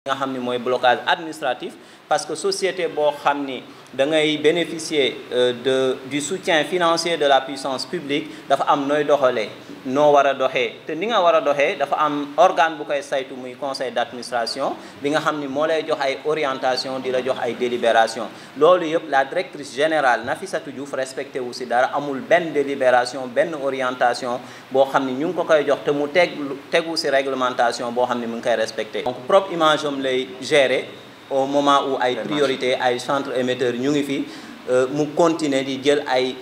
nga xam ni mooy blocage administratif parce que société boo xam ni da ngay bénéficier euh, de du soutien financier de la puissance publique dafa am nooy doxalee noo war a doxee te ni nga war a doxee dafa am organe bu koy saytu muy conseil d'administration bi nga xam ni moo lay jox ay orientation di la jox ay délibération loolu yëpp la directrice générale Nafissatou Diouf respecté wu si dara amul benn délibération benn orientation boo xam ni ñu ngi ko koy jox te mu teg tegu si réglementation boo xam ni mu ngi koy respecté donc propre image am lay au moment où ay priorité ay centre émetteur ñu ngi fi euh, mu continuer di jël ay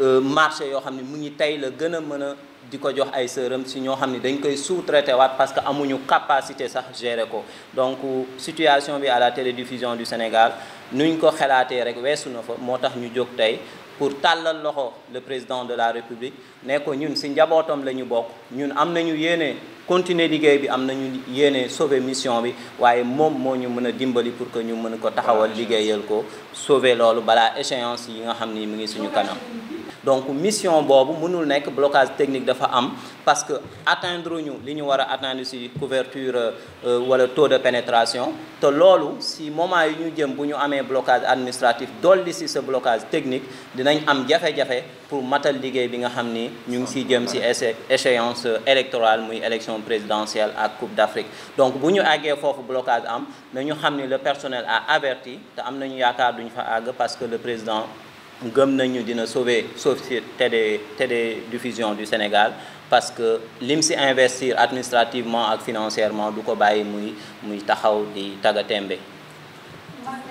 euh, marché yoo xam ne mu ngi tey la gën a mën a di ko jox ay sëram si ñoo xam ne dañ koy sous-traité waat parce que amuñu capacité sax gérer ko donc situation bi à la télédiffusion du Sénégal nu ñu ko xalaatee rek weesu na fa moo tax ñu jóg tey pour tàllal loxo le président de la république ne ko ñun si njabootam la ñu bokk ñun am nañu yéene continuer liggéey bi am nañu yéene sauver mission bi waaye moom moo ñu mën a dimbali pour que ñu mën ko taxawal liggéeyal ko sauver loolu balaa échéance yi nga xam ni mu ngi suñu kanam donc mission boobu mënul nekk blocage technique dafa am parce que atteindre ñu li ñu war a atteindre ci couverture euh, wala taux de pénétration te loolu si moment yi ñu jëm bu ñu amee blocage administratif dolli ci sa blocage technique dinañ am jafe-jafe pour matal liggéey bi nga xam ni ñu ngi ciy jëm ci échéance électorale muy élection présidentielle ak Coupe d'Afrique donc bu ñu àggee foofu blocage am na ñu xam ni le personnel a averti te am nañu yaakaar duñ fa àgg parce que le président gëm nañu dina sauver sauver TD TD Diffusion du Sénégal parce que lim si investir administrativement ak financièrement du ko bàyyi muy muy taxaw di tagga tembe